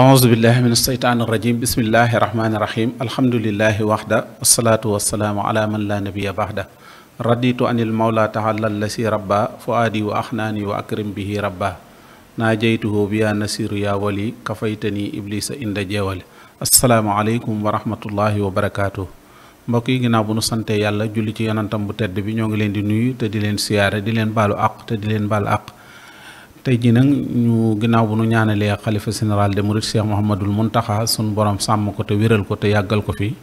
أعوذ بالله من الشيطان الرجيم بسم الله الرحمن الرحيم الحمد لله وحده والصلاة والسلام على من لا نبي بعده رديت أن المولى تعالى الذي ربى فؤادي وأحناني وأكرم به ربى ناجيته بيا نسير يا ولي كفيتني إبليس عند جوال السلام عليكم ورحمة الله وبركاته mbokk yi ginnaaw bu nu sante yàlla julli ci yonantam bu tedd bi ñoo ngi leen di nuyu te di leen siyaare di leen baalu àq te di leen baalu àq tey jii nag ñu ginnaaw bu nu ñaanalee xalifa général des mourides Cheikh Mouhamadul Mountakha sunu boroom sàmm ko te wéral ko te yàggal ko fi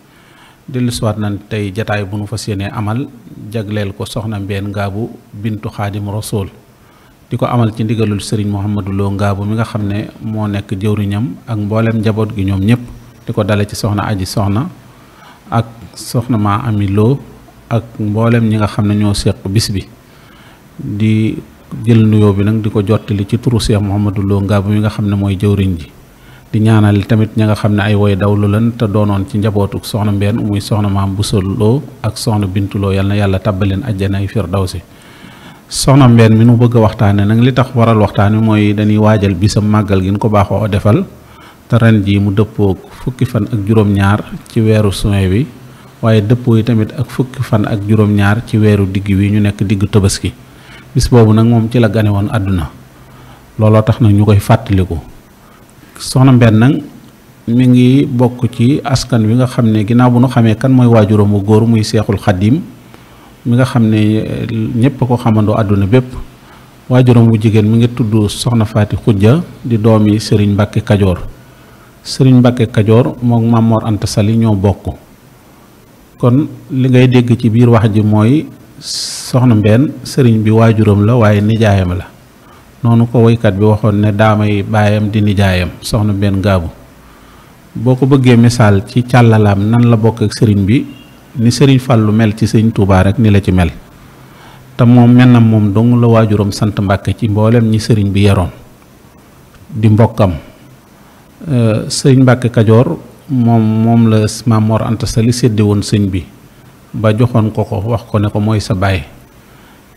dellusiwaat na tey jataay bu nu fas yéenee amal jagleel ko soxna Mbeen Ngaabu bintu Xaadim Rasool di ko amal ci ndigalul sëriñ Mouhamadou Lo Ngaabu mi nga xam ne moo nekk jëwriñam ak mbooleem njaboot gi ñoom ñëpp di ko dale ci soxna aji soxna ak soxna maa ami loo ak mboolem ñi nga xam ne ñoo seq bis bi jël nuyo bi nak di ko ci turu Cheikh mohammedou Lo Ngabou mi nga xamne moy mooy ji di ñaanal tamit ña nga xam ay way dawlu lan te doonon ci njabootu soxna mbenn muy soxna maam Bousso Lo ak soxna Bintu Lo yal na tabalen aljana àjjana ay firdawsi soxna mbenn mi nu bëgg waxtane nak li tax waral waxtane moy mooy dañuy bi sa magal gi ko baxo defal te ren ji mu dëppoo fukki fan ak juroom ñaar ci wéru suwe bi waye dëppoo tamit ak fukki fan ak juroom ñaar ci wéru digg wi ñu nekk digg tabaski bis bobu nak mom ci la gané won aduna lolo tax nak ñu koy soxna mbenn nak mi ngi bok ci askan wi nga xamné ne bu nu xamé kan moy wajuro mu góor muy cheikhul khadim mi nga xamné ne eh, ko xamando aduna bépp wajuro mu jigen mi ngi tuddu soxna fati khudja di doomi serigne mbacke kadior serigne mbacke kadior mo Maam Mor Anta Sali kon li ngay dégg ci biir wax ji moy soxna mbenn sëriñ bi waajuram la waaye nijaayam la noonu ko woykat bi waxoon ne daamay baayam di nijaayam soxna mbenn gaabu boo ko bëggee misaal ci càllalaam nan la bokk ak sëriñ bi ni sëriñ Fallu mel ci sëriñ Tuubaa rek ni la ci mel te moom mel moom dong la waajuram sant Mbàkke ci mboolem ñi sëriñ bi yaroon di mbokkam euh, sëriñ Mbàkke Kajoor moom moom la Maam Mor Anta woon sëñ bi ba joxon ko ko wax ko ne ko Wah, sa baye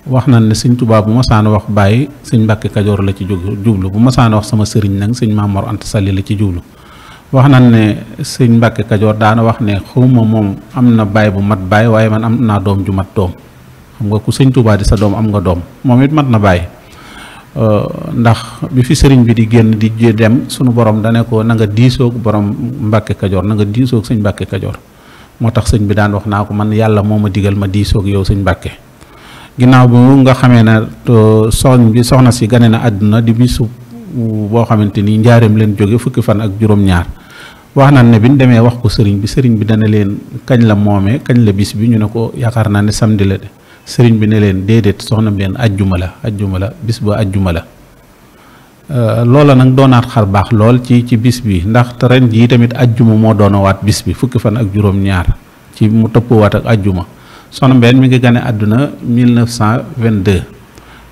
wax nan ne seigne touba bu san wax baye seigne Mbàkke kadior la ci djublu bu san wax sama serigne nang sin Maam ant Anta Sali la ci djublu wax nan ne seigne Mbàkke kadior daana wax ne xawma mom am na bu mat baye waye man am dom ju mat dom xam nga ku seigne touba di sa dom am nga dom. momit mat na baay ndax bi fi serigne bi di genn di dem sunu borom dané ko na nga diisoog borom Mbàkke kadior na nga diisoog sëñ Mbàkke motax tax bi daan wax naa ko man yàlla moo ma digal ma diisoog yow sëñ Mbàkke ginnaaw bu nga xamee ne soxna bi soxna si gane na àdduna di bisu boo xamante ni njaareem leen jóge fukki fan ak juróom-ñaar wax na ne bi ñu demee wax ko sëriñ bi sëriñ bi dana leen kañ la moomee kañ la bis bi ñu ne ko yaakaar naa ne samedi la de sëriñ bi ne leen déedéet soxna bi leen la ajjuma la bis ba ajjuma la Euh, loola nag doonaat xar baax lool ci ci bis bi ndax ren jii tamit ajjuma moo doonawaat bis bi fukki fan ak juróom-ñaar ci mu tëppwaat ak ajjuma soxna Mbène mi ngi gane àdduna 1922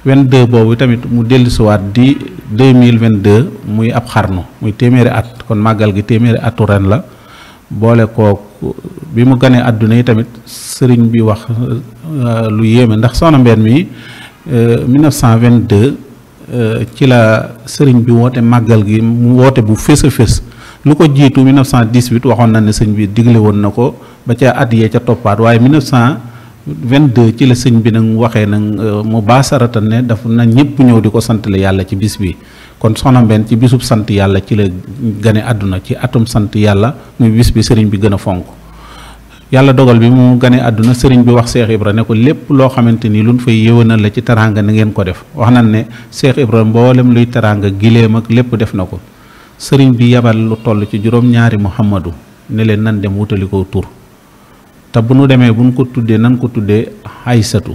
22 boobu tamit mu dellusiwaat di 2022 muy ab xarnu muy téeméeri at kon màggal gi téeméeri atu ren la boole ko bi mu ganee àdduna yi tamit sëriñ bi wax euh, lu yéeme ndax soxna Mbène mi 1922 euh, Euh, ci la sëriñ bi woote màggal gi mu woote bu fés a fés lu ko jiitu 1918 waxoon na ne sëñ bi digle woon na ko ba ca at yee ca toppaat waaye 1922 ci la sëñ bi nag waxee nag euh, mu baasarata ne daf na ñëpp ñëw di ko santale yàlla ci bis bi kon soxna Mbène ci bisub sant yàlla ci la gane àdduna ci atum sant yàlla muy bis bi sëriñ bi gën a fonk yàlla dogal bi mu gane àdduna sëriñ bi wax Cheikh Ibra ne ko lépp loo xamante ni luñ fay yëwanal la ci teraanga na ngeen ko def wax nañ ne Cheikh Ibra mboolem luy teraanga giléem ak lépp def na ko sëriñ bi yabal lu toll ci juróom-ñaari Muhammadu ne leen nan dem wutali ko tur te bu nu demee bu nu ko tuddee nan ko tuddee Aysatu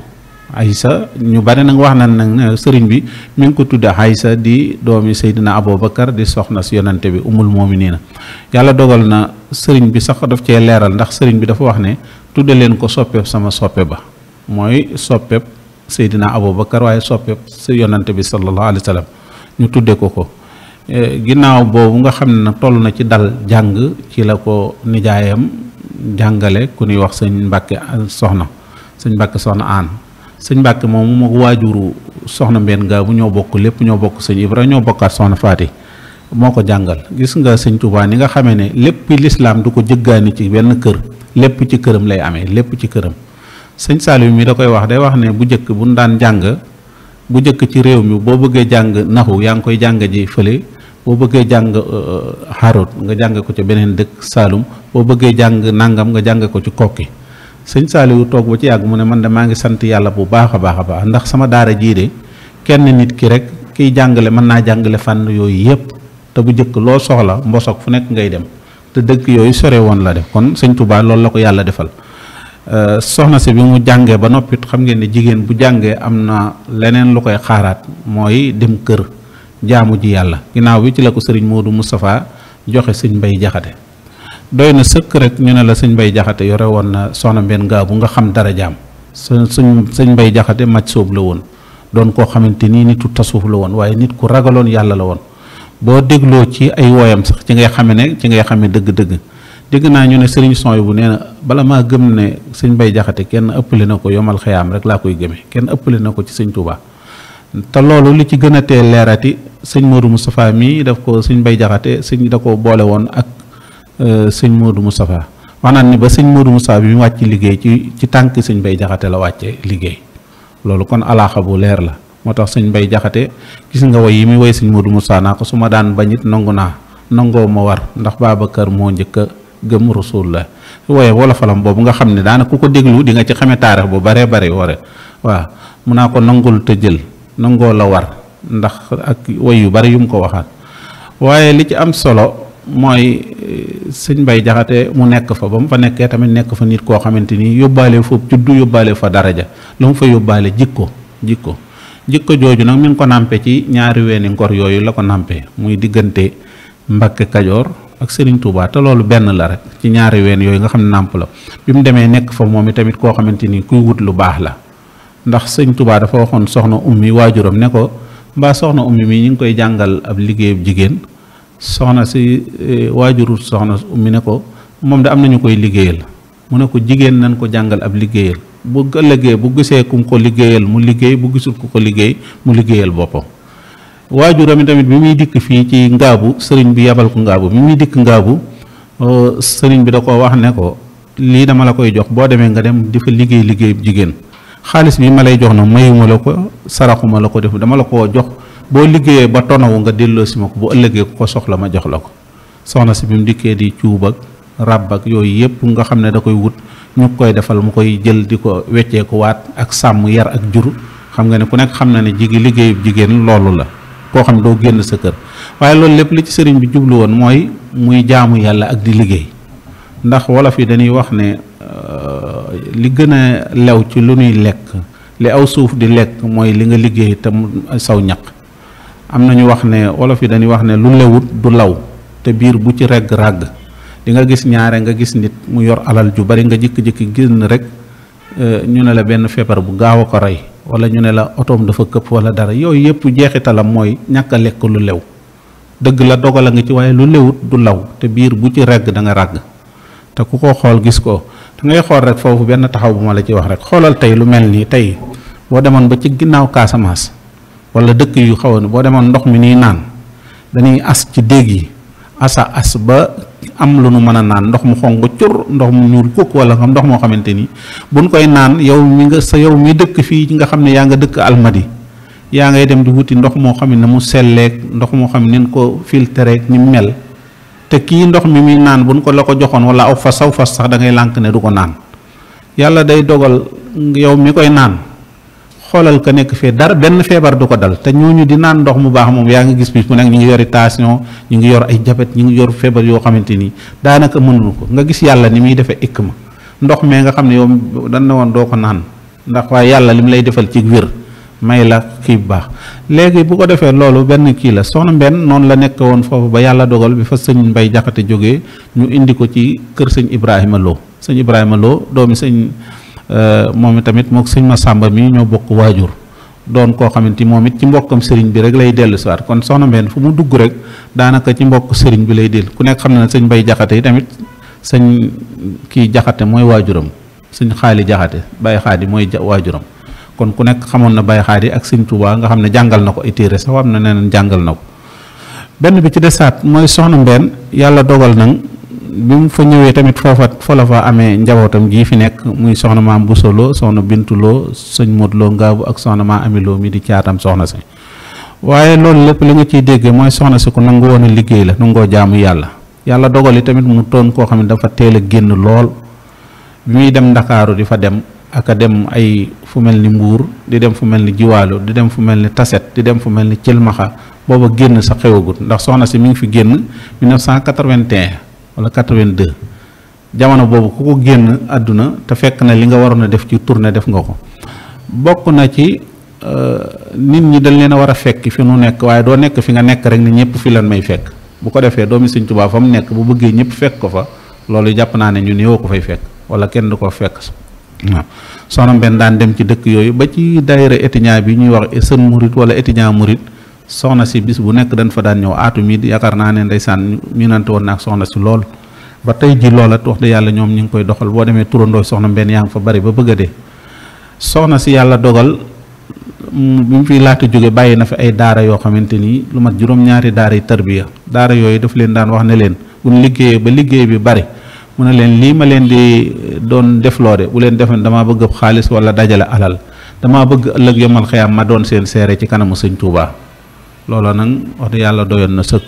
Aysa ñu bari nag wax nañ nag ne sëriñ bi mu ngi ko tuddee Aysa di doomi Seydina Abubakar di soxna si yonante bi umul moominiina yàlla dogal na sëriñ bi sax daf cee leeral ndax sëriñ bi dafa wax ne tudde leen ko soppeeb sama soppe ba mooy soppeeb Seydina Aboubacar waaye soppeeb sa yonante bi sallallahu alayhi wa sallam ñu tudde ko ko eh, ginnaaw boobu nga xam ne nag toll na ci dal jàng ci la ko nijaayam jàngale ku nuy wax sëñ Mbàkke soxna sëñ Mbàkke soxna aan sëñ Mbàkke moom mook waajuru soxna mbenn gaa bu ñoo bokk lépp ñoo bokk sëñ Ibra ñoo bokkaat soxna Faati moo ko jàngal gis nga sëñ Touba ni nga xamee ne lépp lislaam du ko jëggaani ci benn kër lépp ci këram lay amee lépp ci këram sëñ Saliou mi da koy wax day wax ne bu njëkk bu ñu daan jàng bu njëkk ci réew mi boo bëggee jàng naxu yaa ngi koy jàng ji fële boo bëggee jàng xarut uh, uh, nga jàng ko ci beneen dëkk Saalum boo bëggee jàng nangam nga jàng ko ci kokki sëñ Saliou toog ba ci yàgg mu ne man de maa ngi sant yàlla bu baax a baax a baax ndax sama daara jii de kenn nit ki rek kiy jàngale mën naa jàngale fànn yooyu yépp te bu njëkk loo soxla mbosok fu nekk ngay dem te dëkk yooyu sore woon la def kon sëñ Touba loolu la ko yàlla defal euh, soxna si bi mu jàngee ba noppit xam ngeen ne jigéen bu jàngee am na leneen lu koy xaaraat mooy dem kër jaamu ji yàlla ginnaaw bi ci la ko sëriñ du mustafaa joxe sëñ Mbay Jaxate doy na sëkk rek ñu ne la sëñ Mbay Jaxate yore woon na soxna mbenn gaaw bu nga xam dara jaam suñ sëñ Mbay Jaxate maj soob la woon doon koo xamante nii nitu tasuuf la woon waaye nit ku ragaloon yàlla la woon boo dégloo ci ay woyam sax ci ngay xame ne ci ngay xame dëgg-dëgg dégg naa ñu ne sëriñ son yi bu nee na bala maa gëm ne sëñ Bay Jaxate kenn ëppale na ko yomal xayaam rek laa koy gëmee kenn ëppale na ko ci sëñ Touba te loolu li ci gën a tee leerati sëñ Modou Moustapha mii daf ko sëñ Bay Jaxate sëñ da ko boole woon ak euh, sëñ Modou Moustapha maanaam ni ba sëñ Modou Moustapha bi mu wàcc liggéey ci ci tànk sëñ Bay Jaxate la wàcce liggéey loolu kon alaaxa bu leer la moo tax sëñ Mbay Jaxate gis nga woy yi muy woy sëñ Moodu Musaa naa ko su ma daan bañit nangu naa nangoo ma war ndax Babacar moo njëkk a gëm rasul la woye wala falam boobu nga xam ne daana ku ko déglu di ci xame bu baree bari ware waaw mun naa ko nangul te jël nangoo la war ndax ak woy yu bari yu mu ko waxaat waaye li ci am solo mooy eh, sëñ Mbay Jaxate mu nekk fa ba mu fa nekkee tamit nekk fa nit koo xamante ni yóbbaale foofu juddu yóbbaale fa daraja lu mu fa yóbbaale jikko jikko jikko joju nang mi ngi ko nampé ci ñaari weeni ngor yoyu la ko nampé muy digënté mbacké kadior ak serigne Touba té lolu ben la rek ci ñaari ween yoyu nga xamné ne la bimu démé nek fa momi tamit ko kuy wut lu baax la ndax tuba, Touba dafa waxon soxna ummi wajuram né ko ba soxna ummi mi ngi koy jangal ab liggéeyub jigen soxna si e, wajuru soxna ummi né ko mom da am nañu koy liggéeyal mu ne ko jigen nan ko jangal ab liggéeyal bu ëllëgee bu gisee kum ko liggéeyal mu liggéey bu gisul ku ko liggéey mu liggéeyal boppam waajuram tamit bi muy dikk fii ci ngaabu sëriñ bi yabal ko ngaabu bi muy dikk ngaabu sëriñ bi da ko wax ne ko lii dama la koy jox boo demee nga dem di fa liggéey liggéey jigéen xaalis bi ma lay jox na mayuma la ko saraxuma la ko def dama la koo jox boo liggéeyee ba tonaw nga delloo si ko bu ëllëgee ko soxla ma jox la ko soxna si bi mu dikkee di cuub ak yo ak yooyu yépp nga xam ne da koy wut ñu koy defal mu koy jël di ko wecceeku waat ak sàmm yar ak jur xam nga ne ku nekk xam na ne jigi liggéeyub jigéen loolu la koo xam doo génn sa kër waaye loolu lépp li ci sëriñ bi jublu woon mooy muy jaamu yàlla ak di liggéey ndax wolof yi dañuy wax ne euh, li gën a lew ci lu ñuy lekk li aw suuf di lekk mooy li nga liggéey te mu saw ñaq am na ñu wax ne wolof yi dañuy wax ne lu lewut du law te biir bu ci regg ràgg di nga gis ñaare nga gis nit mu yor alal ju bari nga jikki-jikki génn rek eh, ñu ne la benn feebar bu gaaw ko rey wala ñu ne la otoom dafa këpp wala dara yooyu yépp jeexitalam mooy ñàkk a lekk lu lew dëgg la dogal a nga ci waaye lu lewut du law te biir bu ci regg da nga ràgg te ku ko xool gis ko da ngay xool rek foofu benn taxaw bu ma ci wax rek xoolal tey lu mel nii tey boo demoon ba ci ginnaaw casamance wala dëkk yu xawoon boo demoon ndox mi nii naan dañuy as ci yi asa as ba am lu nu mën a naan ndox mu xonq cur ndox mu ñuul kukk wala xam ndox moo xamante ni buñ koy naan yow mi nga sa yow mi dëkk fii nga xam ne yaa nga dëkk almadi yaa ngay dem di wuti ndox moo xam ne mu selleek ndox moo xam ne ko filtreek ni mel te kii ndox mi muy naan buñ ko la ko joxoon wala aw fas aw fas sax dangay lànk ne du ko naan yàlla day dogal yow mi koy naan xoolal ka nekk fee dara benn feebar du ko dal te ñoo ñu di naan ndox mu baax moom yaa ngi gis bis mu nekk ñu ngi yori tension ñu ngi yor ay jabet ñu ngi yor feebar yoo xamante ni daanaka mënul ko nga gis yàlla ni muy defee ikk ma ndox mee nga xam ne yow dan na woon doo ko naan ndax waaye yàlla li mu lay defal ci wér may la kii bu baax léegi bu ko defee loolu benn kii la soxna mbenn noonu la nekk woon foofu ba yàlla dogal bi fa sëñ mbay jaxate jóge ñu indi ko ci kër sëñ ibrahima loo Euh, moom tamit mook sëñ Masamba mi ñoo bokk waajur doon koo xamante moom it ci mbokkam sëriñ bi rek lay dellu siwaat kon soxna Mbène fu mu dugg rek daanaka ci mbokk sëriñ bi lay dellu ku nekk xam na ne sëñ Mbay Jaxate yi tamit sañ kii Jaxate mooy waajuram sëñ Xaali Jaxate bay Xaadi mooy waajuram kon ku nekk xamoon na Baye Xaadi ak sëñ Tuubaa nga xam ne jàngal na ko ay téere sax am na neneen jàngal na ko benn bi ci desaat mooy soxna Mbène yàlla dogal nag bi mu fa ñëwee tamit foofa fa la amee njabootam gii fi nekk muy soxna maam Bousso Lo soxna Bintu Lo sëñ Modou Ngaabu ak soxna maam Ami Lo di caatam soxna si waaye loolu lépp li nga ciy déggee mooy soxna si ku nangu woon liggéey la nangoo jaamu yàlla yàlla dogal tamit mu ton koo xam ne dafa teel a génn lool bi muy dem ndakaaru di fa dem ak a dem ay fu mel ni mbuur di dem fu mel ni jiwaalo di dem fu mel ni taset di dem fu mel ni cilmaxa booba génn sa xewagut ndax soxna si mi ngi fi génn 1981 wala 82 jamono boobu ku ko génn àdduna te fekk na li nga waroon a def ci tournée def nga ko bokk na ci euh, nit ñi dañ leen a a fekk fi nu nekk waaye doo nekk fi nga nekk rek ni ñëpp fi lan may fekk bu ko defee doomi Sëñ Tuubaa fa mu nekk bu bëggee ñëpp fekk ko fa loolu jàpp naa ne ñu néew ko fay fekk wala kenn du ko fekk waaw soxna benn daan dem ci dëkk yooyu ba ci daayira étudiant bi ñuy wax sën murit wala étudiant murit soxna si bis bu nek dañ fa daan ñëw ya mi yaakaar naa ne ndeysaan nante won nak soxna si lool ba tay ji loola wax de yalla ñom ñing koy doxal boo demee turandoo soxna ben yaang fa bari ba bëgg de soxna si yalla dogal bu mu fi laata jóge bàyyi na fa ay daara yo xamanteni lu mat juroom ñaari daara yi tarbiya daara yooyu daf leen daan wax ne leen bu liggey ba liggey bi bari mu ne leen li ma leen di doon defloo de bu leen defoon dama bëgg xaaliss wala dajala alal dama bëgg ëllëg yamal xiyam ma doon seen seere ci kanamu touba looloo nag wax dëgg yàlla doyoon na sëkk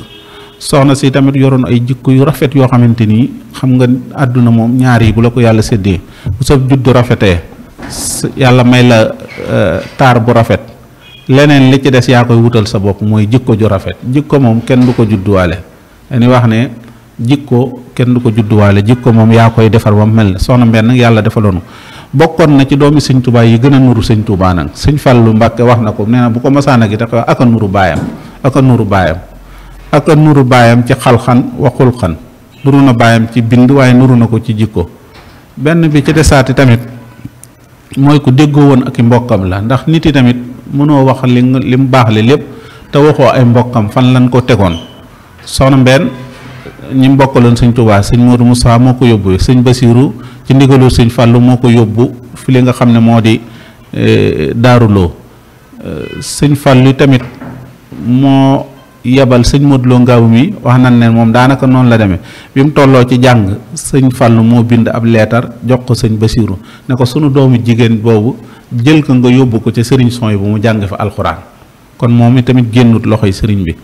soxna si tamit yoroon ay jikko yu rafet yoo xamante ni xam nga àdduna moom ñaar yi bu la ko yàlla séddee bu sa juddu rafetee yàlla may la euh, taar bu rafet leneen li ci des yaa koy wutal sa bopp mooy jikko ju rafet jikko moom kenn du ko judduwaale dañuy wax ne jikko kenn du ko judduwaale jikko moom yaa koy defar ba mu mel ne soxna mbenn yàlla defaloon bokkoon na ci doomi sëñ Touba yi gën a nuru sëñ Touba nag sëñ Fallou Mbacke wax na ko nee bu ko masaana gi tax ak a nuru baayam ak a nuru baayam ak a nuru baayam ci xalxan waxul xan nuru na baayam ci bind waaye nuru na ko ci jikko benn bi ci desaati tamit mooy ku déggoo woon ak i mbokkam la ndax nit yi tamit mënoo wax li li mu baax li lépp te waxoo ay mbokkam fan lañ ko tegoon soxna Mbène ñi mbokkaloon sëñ Touba sëñ mu Moussa moo ko yóbbu sëñ Basirou ci ndigalul sëñ Fallou moo ko yóbbu fi li nga xam ne moo di e, daaruloo e, sëñ Fallou tamit moo yebal sëñ Modou Lo Ngaabu mi wax nañ ne moom daanaka noonu la demee bi mu tolloo ci jàng sëñ Fallou moo bind ab leetar jox ko sëñ Basirou ne ko sunu doomu jigéen boobu jël ko nga yóbbu ko ca sëriñ son yi bu mu jàng fa alxuraan kon moom itamit génnut yi sëriñ bi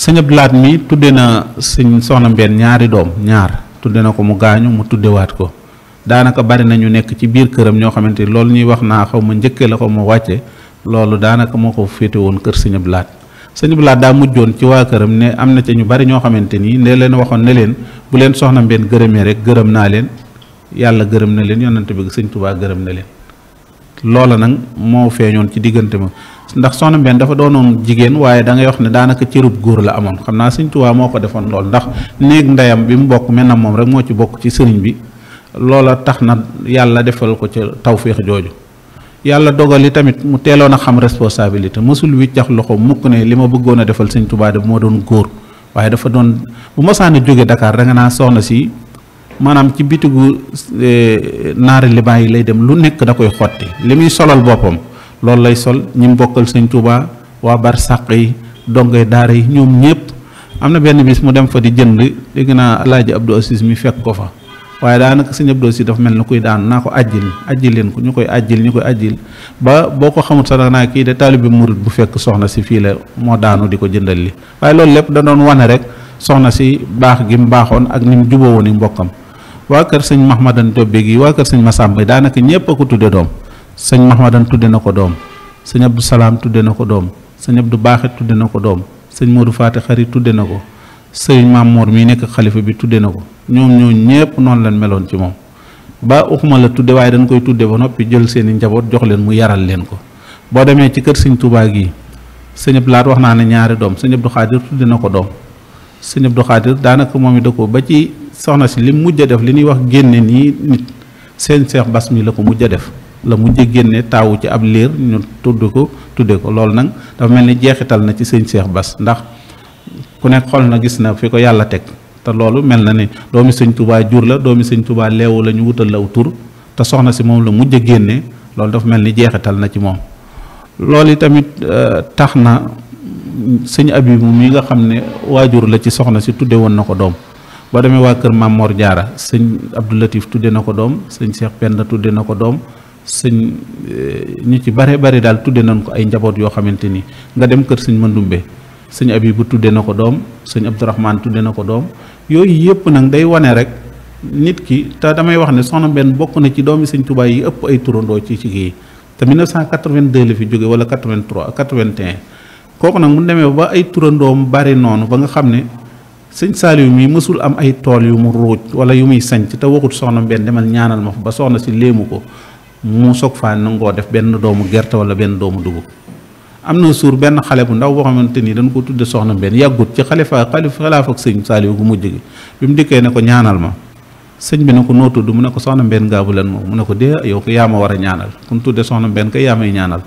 sëñ Abdou Lahad mi tudde na sëñ soxna mbenn ñaari doom ñaar tudde na ko mu gaañu mu tuddewaat ko daanaka bari na ñu nekk ci biir këram ñoo xamante ni loolu ñuy wax naa xaw ma njëkkee la xaw ma wàcce loolu daanaka moo ko féete woon kër sëñ Abdou sëñ Abdou Lahad daa mujjoon ci waa këram ne am na ca ñu bari ñoo xamante nii ne leen waxoon na leen bu leen soxna Mbène gërëmee rek gërëm naa leen yàlla gërëm na leen yonante bi sëñ tubaa gërëm na leen loola nag moo feeñoon ci diggante ma ndax soxna Mbène dafa doonoon jigéen waaye da wax ne daanaka cërub góor la amoon xam naa sëñ Tuubaa moo ko defoon lool ndax néeg ndeyam bi mu bokk mel na moom rek moo ci bokk ci sëriñ bi loola tax na yàlla defal ko ca tawféex jooju yàlla dogali tamit mu teeloon a xam responsabilité mësul wiccax loxo mukk ne li ma bëggoon a defal sëñ Tuubaa de moo doon góor waaye dafa doon bu mosaan a jóge dakaar da nga naa soxna si maanaam ci bitigu eh, naari libaay yi lay dem lu nekk da koy xotti li muy solal boppam. lol lay sol ñim bokkal sëñ Touba wa bar saqi dongay daara yi ñoom ñëpp benn bis mu dem fa di jënd di gëna alaaji Abdou Assis mi fekk ko fa da naka sëñ Abdou Assis dafa melni kuy daan nako ajil, ajil len ko ñukoy ñukoy ba boko xamul sa dana da de talib murit bu fekk soxna si fi la mo daanu di ko jëndal li waye lol lepp da doon wane rek soxna si bax gi mbaxon ak nim mu mbokam wa wa kër sëñ Mahmadan Tobbe gi wa kër sëñ Massamba da naka ñepp ko tudde doom sëñ Mahmadan tudde na ko doom sëñ Abdou Salaam tudde na ko doom sëñ du Baaxit tudde na ko doom sëñ Modou Faati Xari tudde na ko sëñ Mamour mii nekk xalifa bi tudde na ko ñoom ñoo ñépp noonu lañ meloon ci moom ba uxuma la tudde waaye dañ koy tudde ba noppi jël seeni njaboot jox leen mu yaral leen ko boo demee ci kër sëñ tubaa gi sëñ Abdou Lahat wax naa ne ñaari doom sëñ Abdou Xaadir tudde na ko doom sëñ Abdou Xaadir daanaka moom i da ko ba ci soxna si li mujj a def li ñuy wax génne nii seen seex bas mi la ko mujj a def la mujj génne taawu ci ab liir ñu tudd ko tudde ko loolu nag dafa mel ni jeexital na ci sëñ Cheikh bas ndax ku nekk xool na gis na fi ko yàlla teg te loolu mel na ni doomi sëñ Touba jur la doomi sëñ Touba leewu la ñu wutal la aw tur te soxna si moom la mujj génne loolu dafa mel ni jeexital na ci moom loolu tamit euh, tax na sëñ Abibu mi nga xam ne waajur la ci soxna si tudde woon na ko doom boo demee waa kër Mamor Jaara sëñ Abdou Latif tudde na ko doom sëñ Cheikh Penda tudde na ko doom sëñ ñi eh, ci bare bare daal tudde nañ ko ay njaboot yoo xamante ni nga dem kër sëñ Mandumbe sëñ bu tudde na ko doom sëñ Abdourahman tudde na ko doom yooyu yëpp nag day wane rek nit ki te damay wax ne soxna benn bokk na ci doomi sëñ Tuubaa ëpp turandoo ci ci kii te 1982 la fi jóge wala 83 81 kooku nag mu demee ba ay turandoom bari noonu ba nga xam ne sëñ Saaliw mi mësul am ay tool yu mu ruuj wala yu muy sanc te waxut soxna mbenn demal ñaanal ma fa ba soxna si léemu ko mu soog faa nangoo def benn doomu gerte wala benn doomu dugub am na suur benn xale bu ndaw boo xamante ni dañ ko tudd soxna benn yàggut ci xalifa xalif xilaaf ak sëñ Saaliw gu mujj gi bi mu dikkee ne ko ñaanal ma sëñ bi ne ko noo tudd mu ne ko soxna mbenn gaabu leen moom mu ne ko dee yow ko yaa ma war a ñaanal kun tudde soxna mbenn kay yaa may ñaanal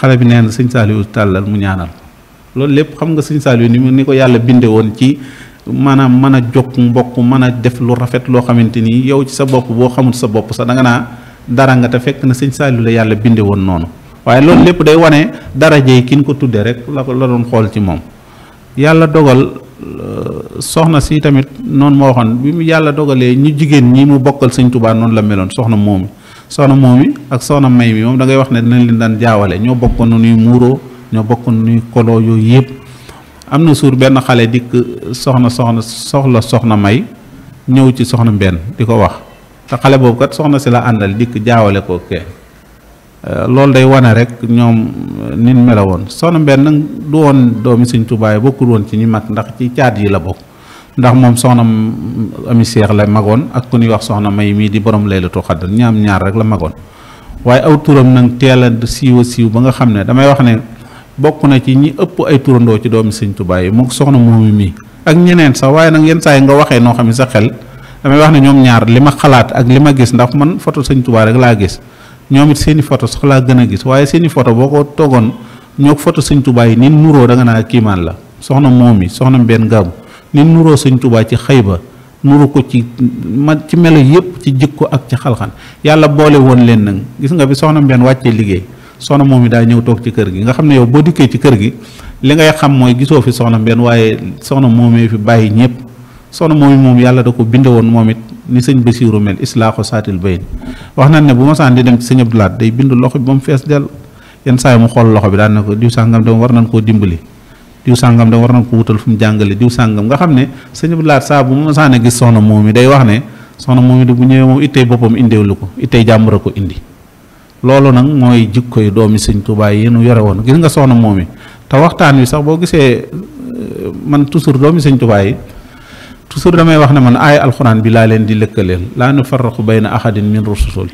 xale bi nee na sëñ Saaliw tàllal mu ñaanal loolu lépp xam nga sëñ Saaliw ni mu ni ko yàlla binde woon ci maanaam mën a jokk mbokk mën a def lu rafet loo xamante ni yow ci sa bopp boo xamul sa bopp sax da naa dara nga te fekk na sëñ Saliou la yàlla binde woon noonu waaye loolu lépp day wane daraje yi ki ñu ko tuddee rek la ko la doon xool ci moom yàlla dogal euh, soxna si tamit noon moo waxoon bi mu yàlla dogalee ñu jigéen ñi mu bokkal sëñ Tuubaa noonu la meloon soxna moomi soxna moom moomi ak soxna may mi moom da wax ne dinañ leen daan jaawale ñoo bokkoon nu nuy muuroo ñoo bokkoon nu nuy koloo yooyu yëpp am na suur benn xale dikk soxna soxna soxla soxna may ñëw ci soxna mbenn te xale boobu kat soxna si la àndal dikk jaawale ko ke euh, loolu day wane rek ñoom euh, nin melawoon soxna mbenn nag du woon doomi Sëñ Tuubaa bokkul woon ci ñi mag ndax ci caat yi la bokk ndax moom soxna ami seex la magoon ak ku ñuy wax soxna may mii di borom laylatu xadr ñaam ñaar rek la magoon waaye aw turam nag teel a siiw a ba nga xam ne damay wax ne bokk na ci ñi ëpp ay turandoo ci doomi Sëñ Tuubaa mu soxna moomi mii ak ñeneen sax waaye nag yenn saa yi nga waxee noo xam ne sa xel damay wax ne ñoom ñaar li ma xalaat ak li ma gis ndax man foto sëñ Touba rek laa gis ñoom it seeni i soxlaa gën a gis waaye seeni i boo ko toogoon ñoo foto sëñ Touba yi ni nuroo danga naa kiimaan la soxna moom yi soxna benn gàmm ni nuroo sëñ Touba ci xëyba nuru ko ci ma ci melo yëpp ci jikko ak ci xalxan yàlla boole woon leen nag gis nga bi soxna mbenn wàccee liggéey soxna moom yi daa ñëw toog ci kër gi nga xam ne yow boo dikkee ci kër gi li ngay xam mooy gisoo fi soxna mbenn waaye soxna moomee fi bàyyi ñëpp soxna moom moom yàlla da ko binde woon moom it ni sëñ Basiiru mel islaaxu saatil bayin wax nañ ne bu ma saan di dem ci sëñ Abdou Lahad day bind loxo bi ba mu fees dell yenn saa yi mu xool loxo bi daan na ko diw sàngam dama war nañ koo dimbali diw sàngam dama war nañ ko wutal fu mu jàngale diw sàngam nga xam ne sëñ Abdou Lahad saa bu ma saan a gis soxna moom mi day wax ne soxna moom it bu ñëwee moom ittey boppam indiwlu ko ittey jàmbur a ko indi loolu nag mooy jikkoy doomi sëñ Tuubaa yi yore woon gis nga soxna moom mi te waxtaan wi sax boo gisee eh, man toujours doomi sëñ Tuubaa toujours damay wax ne man aaya alxuraan bi laa leen di lëkkaleel laa nu bay bayna ahadin min rusuli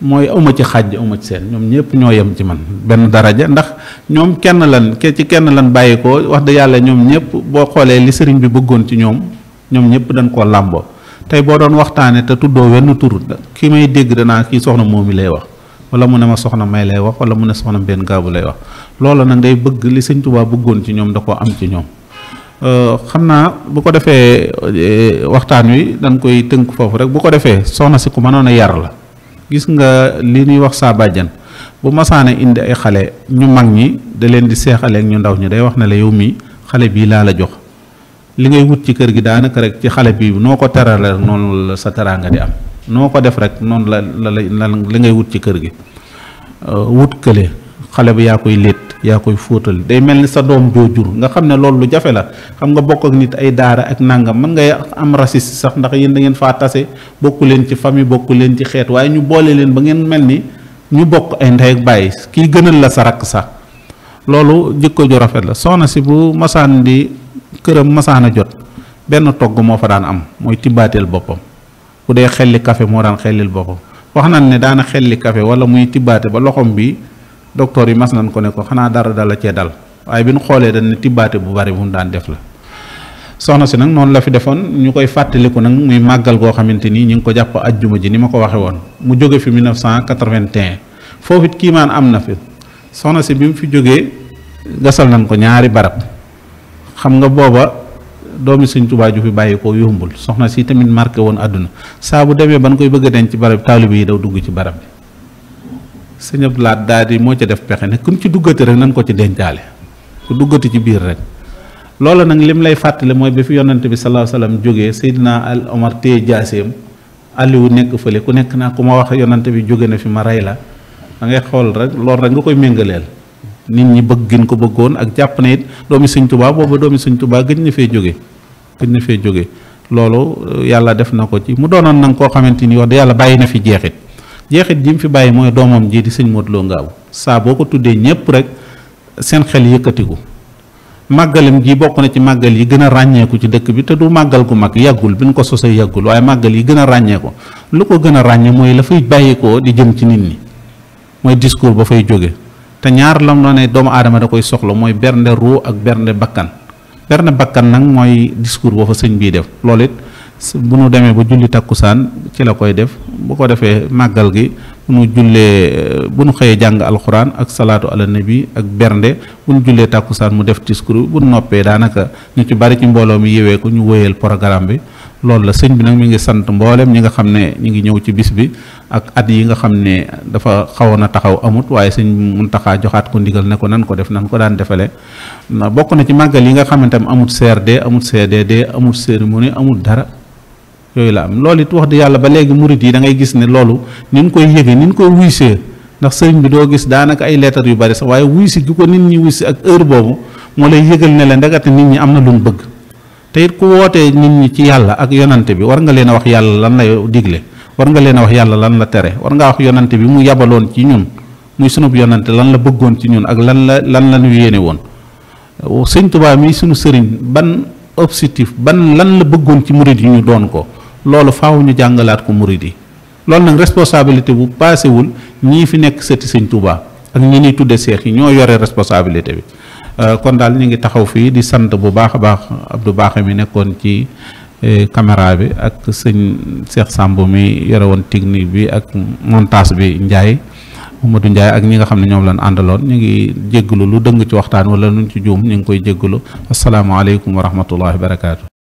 mooy awma ci xaj uma ci seen ñoom ñëpp ñoo yem ci man benn daraja ndax ñoom kenn lan ci kenn lan bàyyi ko wax dëgg yàlla ñoom ñëpp boo xoolee li sëriñ bi bëggoon ci ñoom ñoom ñëpp dañ koo làmboo tey boo doon waxtaane te tuddoo wenn tur ki may dégg danaa ki soxna moomi lay wax wala mu ne ma soxna may lay wax wala mu ne soxna benn gaabu lay wax loola na ngay bëgg li sëñ Tuubaa bëggoon ci ñoom da koo am ci ñoom Euh, xam naa bu ko defee euh, waxtaan wi dañ koy tënk foofu rek bu ko defee soxna si ku mënoon a yar la gis nga li ñuy wax saa bàjjan bu masaane indi ay xale ñu mag ñi da leen di seexaleek ñu ndaw ñi day wax na la yow mii xale bii laa la jox li ngay wut ci kër gi daanaka rek ci xale bi noo ko teral noonu la sa teraanga di am noo ko def rek noonu la la la li ngay wut ci kër gi euh, wut kële xale bi yaa koy léet ya koy fóotal day melni sa dom joo jur nga xamne ne lu jafela la xam nga bokk ak nit ay daara ak nangam man nga am raciste sax ndax yeen da ngeen fa tassé bokku len ci fami bokku len ci xet waaye ñu bolé len ba ngeen melni ñu bokk ay ndey ak baye ki gënal la sa rak sa lolou jikko ju rafet la soxna si bu masan di kërëm masana jot ben togg mo fa daan am moy tibatel bopam bu dee xelli café mo daan xellil bopam wax nan ne daana xelli café wala muy tibaté ba loxom bi docteur yi mas nañ ko ne ko xanaa dara dala cee dal waaye bi ñu xoolee dañ ne tibbaate bu bari bu mu daan def la soxna si nag noonu la fi defoon ñu koy fàttaliku nag muy màggal goo xamante nii ñu ngi ko jàpp ajjuma ji ni ma ko waxe woon mu jóge fi mu 1981 foofu it kiimaan am na fi soxna si bi mu fi jógee gasal nañ ko ñaari barab xam nga booba doomi Sëñ Tuubaa ju fi bàyyi koo yombul soxna si tamit marqué woon àdduna saa bu demee ban koy bëgg a denc ci barab taalibe yi daw dugg ci barab sëñ Abdou Lahad daal di moo ca def pexe ne kun ci duggati rek nan ko ci dencaale ku duggati ci biir rek loolu nag lim lay fàttali mooy ba fi yonante bi salaahu salaam jógee Seydina al Omar téye jaaseem Aliou nekk fële ku nekk naa ku ma wax yonante bi jóge na fi ma rey la da ngay xool rek loolu rek nga koy méngaleel nit ñi bëgg gin ko bëggoon ak jàpp na it doomi sëñ Tuubaa booba doomi suñ Tuubaa gën na fee jóge gëj na fee jóge loolu yàlla def na ko ci mu doonoon nag koo xamante ni wax dëgg yàlla bàyyi na fi jeexit. jeexit ji fi bàyyi mooy doomam ji di sëñ mootloo Lo Ngaabu saa boo ko tuddee ñëpp rek seen xel yëkkatiku màggalam ji bokk na ci màggal yi gën a ràññeeku ci dëkk bi te du màggal gu mag yàggul bi ñu ko sosee yàggul waaye màggal yi gën a ràññeeku lu ko gën a ràññee mooy la fay bàyyikoo di jëm ci nit ñi mooy discours ba fay jóge te ñaar lam noo ne doomu aadama da koy soxla mooy bernde ruu ak bernde bakkan bernde bakkan nag mooy discours ba fa sëñ bii def bu nu demee ba julli takkusaan ci la koy def bu ko defee màggal gi bu nu jullee bu nu xëyee jàng alxuraan ak salaatu ala nabi ak bernde bu nu jullee takkusaan mu def discours bu noppee daanaka ñu ci bari ci mbooloo mi yewee ko ñu wéyal programme bi loolu la sëñ bi nag mu ngi sant mbooleem ñi nga xam ne ñu ngi ñëw ci bis bi ak at yi nga xam ne dafa xawoon a taxaw amut waaye sëñ mun taxaa joxaat ko ndigal ne ko nan ko def nan ko daan defale bokk na ci màggal yi nga xamante ne amut CRD amut CDD amut cérémonie amut dara yooyu la am loolu it wax di yàlla ba léegi murit yi dangay gis ne loolu ni ñu koy yëgee ni ñu koy wuysee ndax sëriñ bi doo gis daanaka ay leetar yu bari sax waaye wuysi gi ko nit ñi wuysi ak heure boobu moo lay yëgal ne la ndegate nit ñi am na lu ñu bëgg te it ku wootee nit ñi ci yàlla ak yonante bi war nga leen a wax yàlla lan la digle war nga leen a wax yàlla lan la tere war ngaa wax yonante bi mu yabaloon ci ñun muy sunub yonante lan la bëggoon ci ñun ak lan la lan la ñu yéene woon sëñ Tuubaa mi sunu sëriñ ban objectif ban lan la bëggoon ci murit yi doon ko lolu faaw ñu jangalat ko mouride lolu nak responsabilité bu wul ñi fi nek sëti seigne Touba ak ñi ni tuddé cheikh yi ñoo yoré responsabilité bi euh, kon dal ñi ngi taxaw fi di sante bu baax baax Abdou Baaxe mi nekkon ci euh, caméra bi ak seigne Cheikh Sambo mi yoré won technique bi ak montage bi ndjay Mamadou Ndiaye ak ñi nga xam ne lañ àndaloon ñu ngi jéggalu lu dëng ci waxtaan wala luñ ci juum ngi koy wa rahmatullahi wa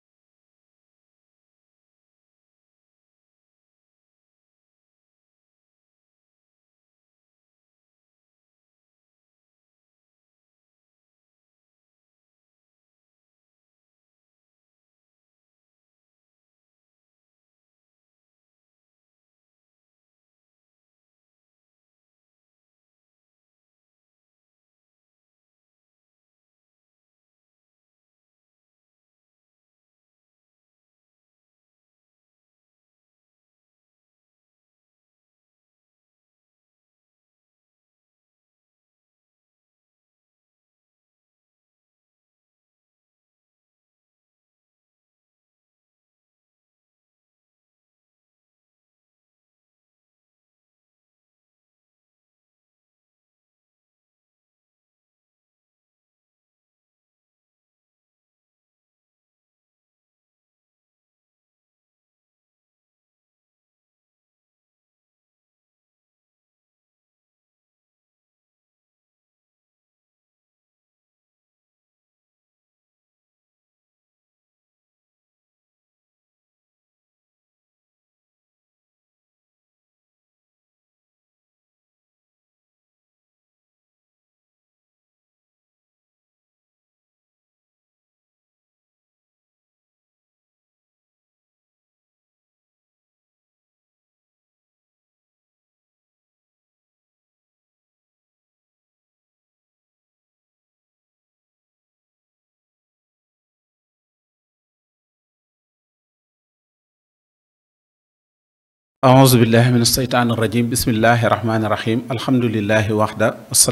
أعوذ بالله من الشيطان الرجيم بسم الله الرحمن الرحيم الحمد لله وحده والصلاة